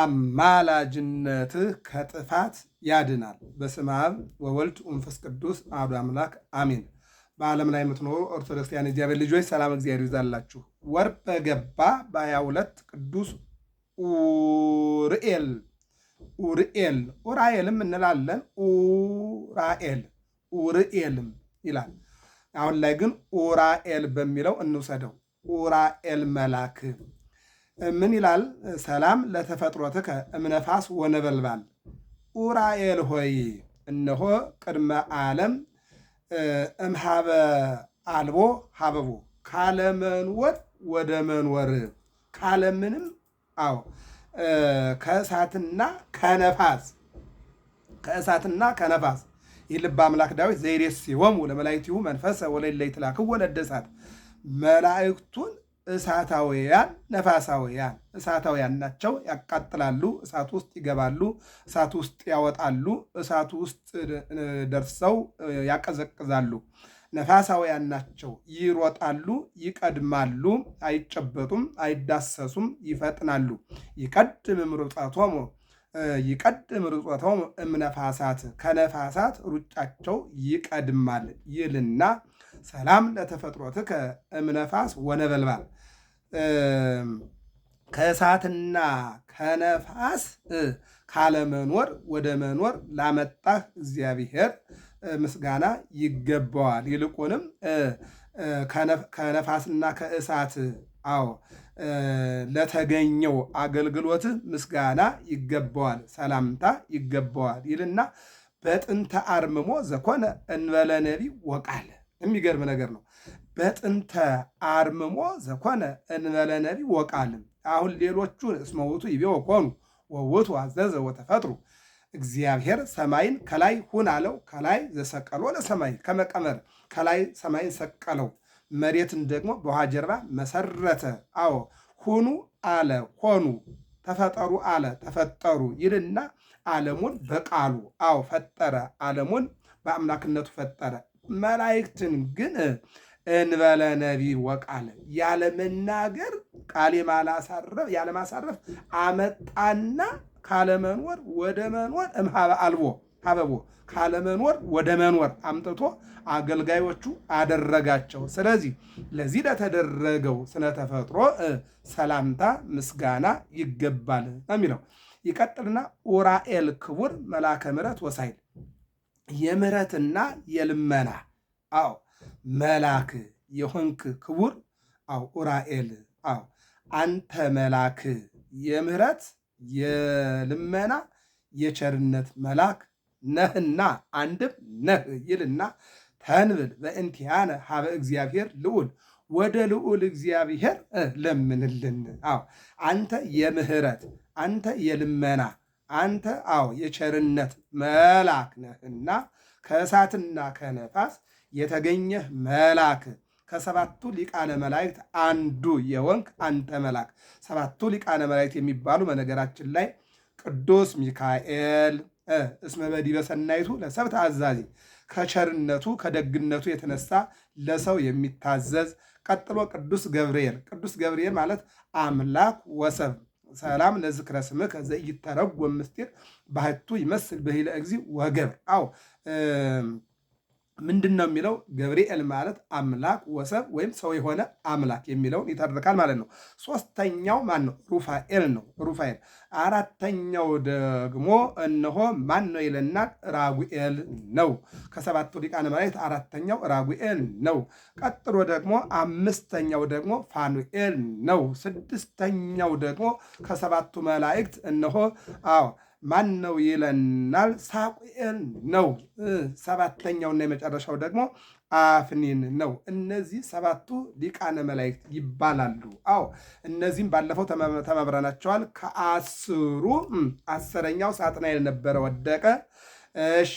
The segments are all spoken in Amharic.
አማላጅነትህ ከጥፋት ያድናል። በስመ አብ ወወልድ ወመንፈስ ቅዱስ አሐዱ አምላክ አሜን። በዓለም ላይ የምትኖሩ ኦርቶዶክሳውያን እግዚአብሔር ልጆች ሰላም እግዚአብሔር ይዛላችሁ። ወር በገባ በሀያ ሁለት ቅዱስ ኡርኤል ኡርኤል ኡራኤልም እንላለን ኡራኤል ኡርኤልም ይላል። አሁን ላይ ግን ኡራኤል በሚለው እንውሰደው። ኡራኤል መላክ ምን ይላል? ሰላም ለተፈጥሮትከ እምነፋስ ወነበልባል ኡራኤል ሆይ እነሆ ቅድመ ዓለም እምሃበ አልቦ ሀበቦ ካለመንወር ወደ መንወር ካለምንም አዎ ከእሳትና ከነፋስ ከእሳትና ከነፋስ ይህ ልበ አምላክ ዳዊት ዘይሬስ ሲወሙ ለመላእክቲሁ መንፈሰ ወለሌለ ትላክ ወለደሳት መላእክቱን እሳታውያን ነፋሳውያን እሳታውያን ናቸው። ያቃጥላሉ፣ እሳት ውስጥ ይገባሉ፣ እሳት ውስጥ ያወጣሉ፣ እሳት ውስጥ ደርሰው ያቀዘቅዛሉ። ነፋሳውያን ናቸው። ይሮጣሉ፣ ይቀድማሉ፣ አይጨበጡም፣ አይዳሰሱም፣ ይፈጥናሉ። ይቀድም ርጸቶሙ ይቀድም ርጸቶሙ እምነፋሳት ከነፋሳት ሩጫቸው ይቀድማል ይልና ሰላም ለተፈጥሮትከ እምነፋስ ወነበልባል ከእሳትና ከነፋስ ካለመኖር ወደ መኖር ላመጣህ እግዚአብሔር ምስጋና ይገባዋል። ይልቁንም ከነፋስና ከእሳት አዎ ለተገኘው አገልግሎት ምስጋና ይገባዋል፣ ሰላምታ ይገባዋል ይልና በጥንተ አርምሞ ዘኮነ እንበለ ነቢብ ወቃል የሚገርም ነገር ነው። በጥንተ አርምሞ ዘኮነ እንበለ ነቢ ወቃልም አሁን ሌሎቹ እስመ ውእቱ ይቤ ኮኑ ወውቱ አዘዘ ወተፈጥሩ እግዚአብሔር ሰማይን ከላይ ሁን አለው። ከላይ ዘሰቀሎ ለሰማይ ከመቀመር ከላይ ሰማይን ሰቀለው፣ መሬትን ደግሞ በውሃ ጀርባ መሰረተ። አዎ ሁኑ አለ ሆኑ፣ ተፈጠሩ አለ ተፈጠሩ ይልና ዓለሙን በቃሉ አዎ ፈጠረ። ዓለሙን በአምላክነቱ ፈጠረ። መላእክትን ግን እንበለ ነቢብ ወቃለ ያለ መናገር ቃል ማሳረፍ አመጣና ካለ ካለመኖር ወደ መኖር እምሃበ አልቦ ሀበቦ ካለ ካለመኖር ወደ መኖር አምጥቶ አገልጋዮቹ አደረጋቸው። ስለዚህ ለዚህ ለተደረገው ስነተፈጥሮ ሰላምታ ምስጋና ይገባል ነው የሚለው። ይቀጥልና ኡራኤል ክቡር መላከ ምሕረት ወሳይል የምህረትና የልመና አዎ መላክ የሆንክ ክቡር አዎ ኡራኤል አዎ አንተ መላክ የምህረት የልመና የቸርነት መላክ ነህና አንድም ነህ ይልና ተንብል በእንቲያነ ሀበ እግዚአብሔር ልዑል ወደ ልዑል እግዚአብሔር ለምንልን። አዎ አንተ የምህረት አንተ የልመና አንተ አዎ የቸርነት መልአክ ነህና ከእሳትና ከነፋስ የተገኘህ መላክ ከሰባቱ ሊቃነ መላእክት አንዱ የወንክ አንተ መላክ። ሰባቱ ሊቃነ መላእክት የሚባሉ በነገራችን ላይ ቅዱስ ሚካኤል እስመ በዲበ ሰናይቱ ለሰብእ አዛዚ፣ ከቸርነቱ ከደግነቱ የተነሳ ለሰው የሚታዘዝ ቀጥሎ ቅዱስ ገብርኤል። ቅዱስ ገብርኤል ማለት አምላክ ወሰብ ሰላም ለዝክረ ስምከ ዘኢይተረጎም ምስጢር ባህቱ ይመስል ብሂለ እግዚእ ወገብር አዎ ምንድን ነው የሚለው? ገብርኤል ማለት አምላክ ወሰብ ወይም ሰው የሆነ አምላክ የሚለውን ይተርካል ማለት ነው። ሶስተኛው ማን ነው? ሩፋኤል ነው። ሩፋኤል። አራተኛው ደግሞ እነሆ ማን ነው ይለና ራጉኤል ነው። ከሰባቱ ሊቃነ መላእክት አራተኛው ራጉኤል ነው። ቀጥሎ ደግሞ አምስተኛው ደግሞ ፋኑኤል ነው። ስድስተኛው ደግሞ ከሰባቱ መላእክት እነሆ አዎ ማን ነው ይለናል? ሳቁኤል ነው። ሰባተኛውና የመጨረሻው ደግሞ አፍኒን ነው። እነዚህ ሰባቱ ሊቃነ መላእክት ይባላሉ። አዎ እነዚህም ባለፈው ተመብረናቸዋል። ከአስሩ አስረኛው ሳጥናኤል ነበረ ወደቀ። እሺ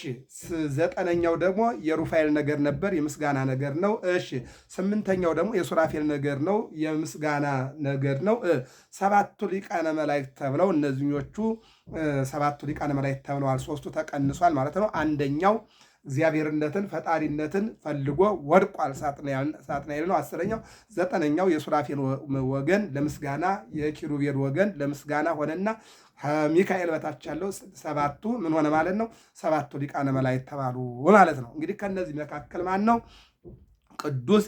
ዘጠነኛው ደግሞ የሩፋኤል ነገር ነበር፣ የምስጋና ነገር ነው። እሺ ስምንተኛው ደግሞ የሱራፌል ነገር ነው፣ የምስጋና ነገር ነው። ሰባቱ ሊቃነ መላእክት ተብለው እነዚኞቹ ሰባቱ ሊቃነ መላእክት ተብለዋል። ሶስቱ ተቀንሷል ማለት ነው። አንደኛው እግዚአብሔርነትን ፈጣሪነትን ፈልጎ ወድቋል ሳጥናኤል ነው። አስረኛው ዘጠነኛው የሱራፌል ወገን ለምስጋና የኪሩቤል ወገን ለምስጋና ሆነና ከሚካኤል በታች ያለው ሰባቱ ምን ሆነ ማለት ነው? ሰባቱ ሊቃነ መላእክት ተባሉ ማለት ነው። እንግዲህ ከነዚህ መካከል ማን ነው? ቅዱስ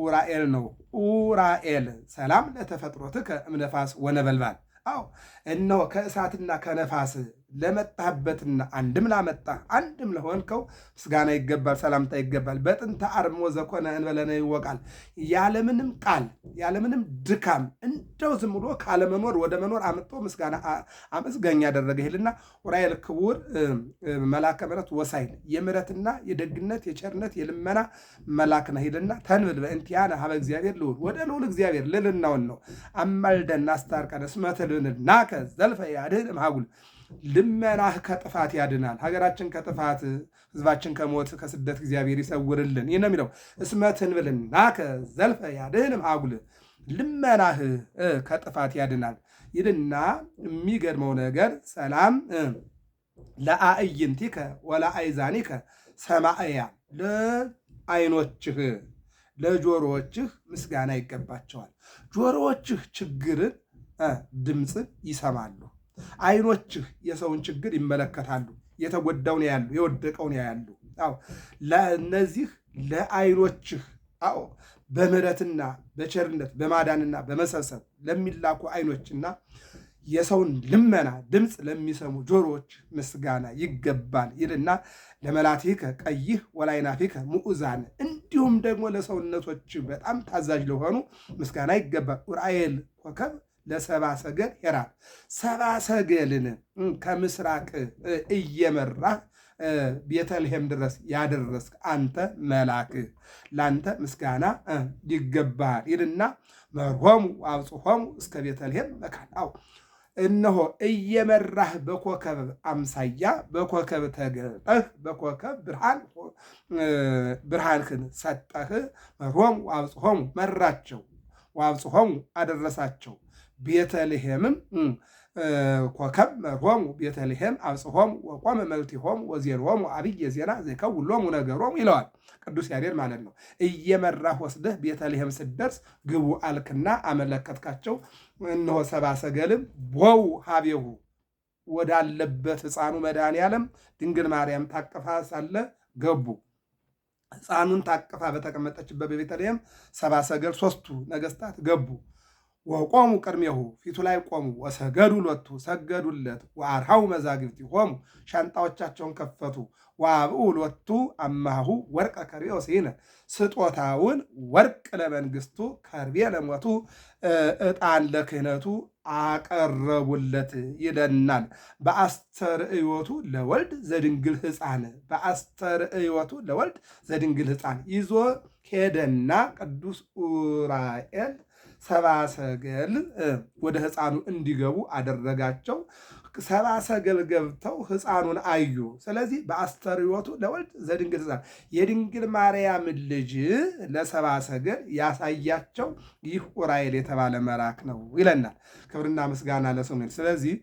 ኡራኤል ነው። ኡራኤል ሰላም ለተፈጥሮትከ እምነፋስ ወነበልባል። አዎ እነሆ ከእሳትና ከነፋስ ለመጣህበትና አንድም ላመጣ አንድም ለሆንከው ምስጋና ይገባል፣ ሰላምታ ይገባል። በጥንተ አርሞ ዘኮነ እንበለነ ይወቃል። ያለምንም ቃል ያለምንም ድካም እንደው ዝም ብሎ ካለመኖር ወደ መኖር አምጦ ምስጋና አመስጋኝ ያደረገ ይልና ዑራኤል ክቡር መላከ ምሕረት ወሳይን የምሕረትና የደግነት የቸርነት የልመና መላክ ነህ ይልና ተንብል በእንቲያነ ሀበ እግዚአብሔር ልውል ወደ ልውል እግዚአብሔር ልልናውን ነው አማልደን አስታርቀን እስመ ናከ ዘልፈ ያድህን ማጉል ልመናህ ከጥፋት ያድናል። ሀገራችን ከጥፋት ህዝባችን ከሞት ከስደት እግዚአብሔር ይሰውርልን። ይህ ነው የሚለው እስመትን ብልና ዘልፈ ያድህንም አጉል ልመናህ ከጥፋት ያድናል ይልና የሚገድመው ነገር ሰላም ለአዕይንቲከ ወለአይዛኒከ ሰማእያ ለአይኖችህ ለጆሮዎችህ ምስጋና ይገባቸዋል። ጆሮዎችህ ችግርን ድምፅን ይሰማሉ። አይኖችህ የሰውን ችግር ይመለከታሉ። የተጎዳውን ያሉ፣ የወደቀውን ያሉ። አዎ ለእነዚህ ለአይኖችህ አዎ በምሕረትና በቸርነት በማዳንና በመሰብሰብ ለሚላኩ አይኖችና የሰውን ልመና ድምፅ ለሚሰሙ ጆሮዎች ምስጋና ይገባል ይልና ለመላቲከ ቀይህ ወላይናፊከ ምዑዛን እንዲሁም ደግሞ ለሰውነቶች በጣም ታዛዥ ለሆኑ ምስጋና ይገባል። ዑራኤል ኮከብ ለሰባ ሰገል ሄራን ሰባ ሰገልን ከምስራቅ እየመራ ቤተልሔም ድረስ ያደረስክ አንተ መላክ ለአንተ ምስጋና ይገባል ይልና መርሆሙ አብጽሖሙ እስከ ቤተልሔም መካን እነሆ እየመራህ በኮከብ አምሳያ በኮከብ ተገጠህ በኮከብ ብርሃን ብርሃንህን ሰጠህ። መርሆሙ አብጽሖሙ መራቸው፣ ወአብጽሖሙ አደረሳቸው ቤተልሔምም ኮከብ መርሆሙ ቤተልሔም አብጽሖሙ ወቆመ መልቲሆሙ ወዜርሆሙ አብየ ዜና ዘይከውሎሙ ነገሮሙ ይለዋል ቅዱስ ያሬድ ማለት ነው። እየመራህ ወስደህ ቤተልሔም ስደርስ ግቡ አልክና አመለከትካቸው። እነሆ ሰባ ሰገልም ቦው ሀቤሁ ወዳለበት ሕፃኑ መድኃኔዓለም ድንግል ማርያም ታቅፋ ሳለ ገቡ። ሕፃኑን ታቅፋ በተቀመጠችበት በቤተልሔም ሰባ ሰገል ሦስቱ ነገሥታት ገቡ። ወቆሙ ቅድሜሁ ፊቱ ላይ ቆሙ። ወሰገዱ ሎቱ ሰገዱለት። ወአርሃው መዛግብቲ ሆሙ ሻንጣዎቻቸውን ከፈቱ። ወአብኡ ሎቱ አማሁ ወርቀ ከርቤ ወስኢነ ስጦታውን ወርቅ ለመንግስቱ ከርቤ ለሞቱ ዕጣን ለክህነቱ አቀረቡለት ይለናል። በአስተርእዮቱ ለወልድ ዘድንግል ሕፃን በአስተርእዮቱ ለወልድ ዘድንግል ሕፃን ይዞ ሄደና ቅዱስ ዑራኤል ሰባሰገል ሰገል ወደ ህፃኑ እንዲገቡ አደረጋቸው። ሰባሰገል ሰገል ገብተው ህፃኑን አዩ። ስለዚህ በአስተርዮቱ ለወልድ ዘድንግል ሕፃን የድንግል ማርያም ልጅ ለሰባሰገል ሰገል ያሳያቸው ይህ ዑራኤል የተባለ መልአክ ነው ይለናል። ክብርና ምስጋና ለስሙ። ስለዚህ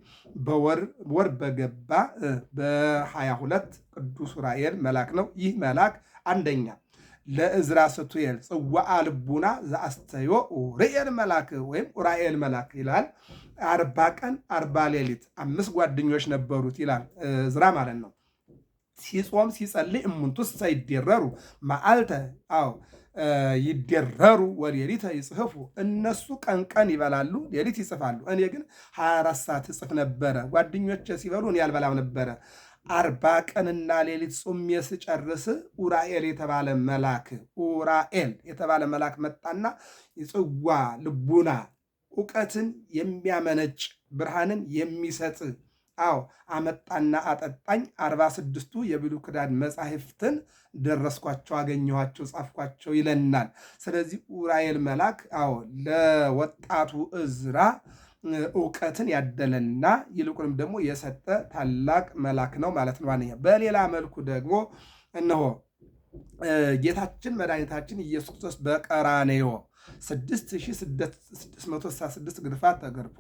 በወር በገባ በሀያ ሁለት ቅዱስ ዑራኤል መልአክ ነው። ይህ መልአክ አንደኛ ለእዝራ ስቱኤል ጽዋአ ልቡና ዘአስተዮ ኡርኤል መላክ ወይም ኡራኤል መላክ ይላል። አርባ ቀን አርባ ሌሊት አምስት ጓደኞች ነበሩት ይላል እዝራ ማለት ነው። ሲጾም ሲጸልይ እሙንቱሰ ይደረሩ መዓልተ አዎ ይደረሩ ወሌሊተ ይጽሕፉ። እነሱ ቀንቀን ይበላሉ፣ ሌሊት ይጽፋሉ። እኔ ግን 24 ሰዓት እጽፍ ነበረ። ጓደኞች ሲበሉ እኔ አልበላም ነበረ። አርባ ቀንና ሌሊት ጾሜ ስጨርስ ኡራኤል የተባለ መልአክ ኡራኤል የተባለ መልአክ መጣና የጽዋ ልቡና እውቀትን የሚያመነጭ ብርሃንን የሚሰጥ አዎ አመጣና አጠጣኝ። አርባ ስድስቱ የብሉይ ኪዳን መጻሕፍትን ደረስኳቸው፣ አገኘኋቸው፣ ጻፍኳቸው ይለናል። ስለዚህ ኡራኤል መልአክ አዎ ለወጣቱ እዝራ እውቀትን ያደለና ይልቁንም ደግሞ የሰጠ ታላቅ መልአክ ነው ማለት ነው። ዋነኛ በሌላ መልኩ ደግሞ እነሆ ጌታችን መድኃኒታችን ኢየሱስ ክርስቶስ በቀራኔዮ 6666 ግርፋት ተገርፎ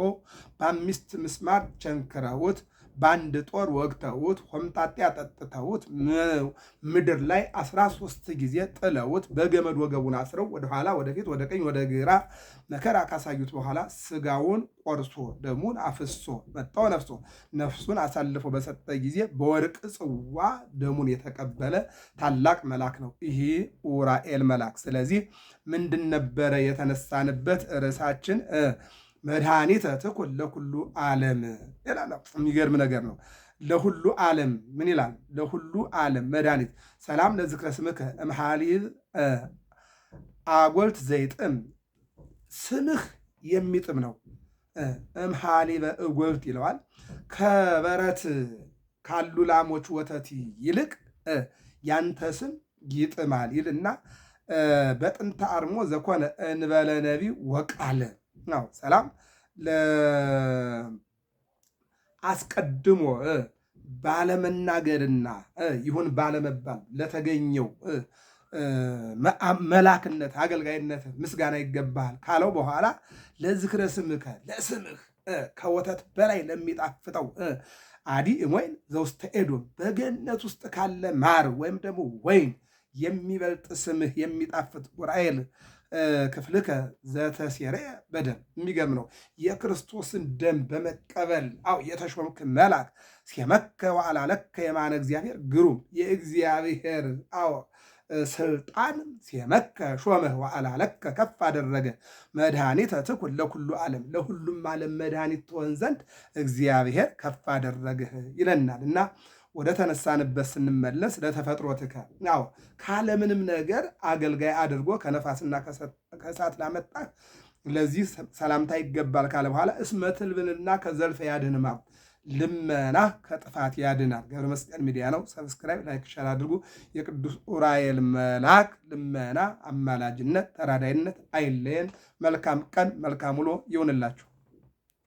በአምስት ምስማር ቸንክረውት በአንድ ጦር ወግተውት ሆምጣጤ አጠጥተውት ምድር ላይ አስራ ሶስት ጊዜ ጥለውት በገመድ ወገቡን አስረው ወደኋላ ወደፊት ወደ ቀኝ ወደ ግራ መከራ ካሳዩት በኋላ ስጋውን ቆርሶ ደሙን አፍሶ መጣው ነፍሶ ነፍሱን አሳልፎ በሰጠ ጊዜ በወርቅ ጽዋ ደሙን የተቀበለ ታላቅ መልአክ ነው ይህ ኡራኤል መልአክ። ስለዚህ ምንድን ነበረ የተነሳንበት ርዕሳችን? መድኃኒተ ትኩን ለኩሉ ዓለም ይላል። የሚገርም ነገር ነው። ለሁሉ ዓለም ምን ይላል? ለሁሉ ዓለም መድኃኒት ሰላም ለዝክረ ስምከ እምሃሊብ አጎልት ዘይጥም ስምህ የሚጥም ነው። እምሃሊበ እጎልት ይለዋል። ከበረት ካሉ ላሞች ወተት ይልቅ ያንተ ስም ይጥማል ይልና በጥንተ አርሞ ዘኮነ እንበለ ነቢ ወቃለ ነው። ሰላም አስቀድሞ ባለመናገርና ይሁን ባለመባል ለተገኘው መላክነት አገልጋይነት ምስጋና ይገባሃል ካለው በኋላ ለዝክረ ስምከ ለስምህ ከወተት በላይ ለሚጣፍጠው አዲ እሞይን ዘውስተ ኤዶም በገነት ውስጥ ካለ ማር ወይም ደግሞ ወይን የሚበልጥ ስምህ የሚጣፍጥ ዑራኤል ክፍልከ ዘተሴረየ በደም የሚገርም ነው። የክርስቶስን ደም በመቀበል አው የተሾምክ መልአክ ሴመከ ዋዕላለከ የማነ እግዚአብሔር ግሩም የእግዚአብሔር አዎ ስልጣን ሴመከ ሾመህ ዋዕላለከ ከፍ አደረገ መድኃኒተ ትኩን ለኩሉ ዓለም ለሁሉም ዓለም መድኃኒት ትሆን ዘንድ እግዚአብሔር ከፍ አደረግህ ይለናል እና ወደ ተነሳንበት ስንመለስ ለተፈጥሮ ትከ ው ካለምንም ነገር አገልጋይ አድርጎ ከነፋስና ከእሳት ላመጣህ ለዚህ ሰላምታ ይገባል ካለ በኋላ እስመ ትልብልና ከዘልፈ ያድንማ ልመና ከጥፋት ያድናል። ገብረ መስቀል ሚዲያ ነው። ሰብስክራይብ፣ ላይክ፣ ሸር አድርጉ። የቅዱስ ዑራኤል መልአክ ልመና፣ አማላጅነት፣ ተራዳይነት አይለየን። መልካም ቀን መልካም ውሎ ይሁንላችሁ።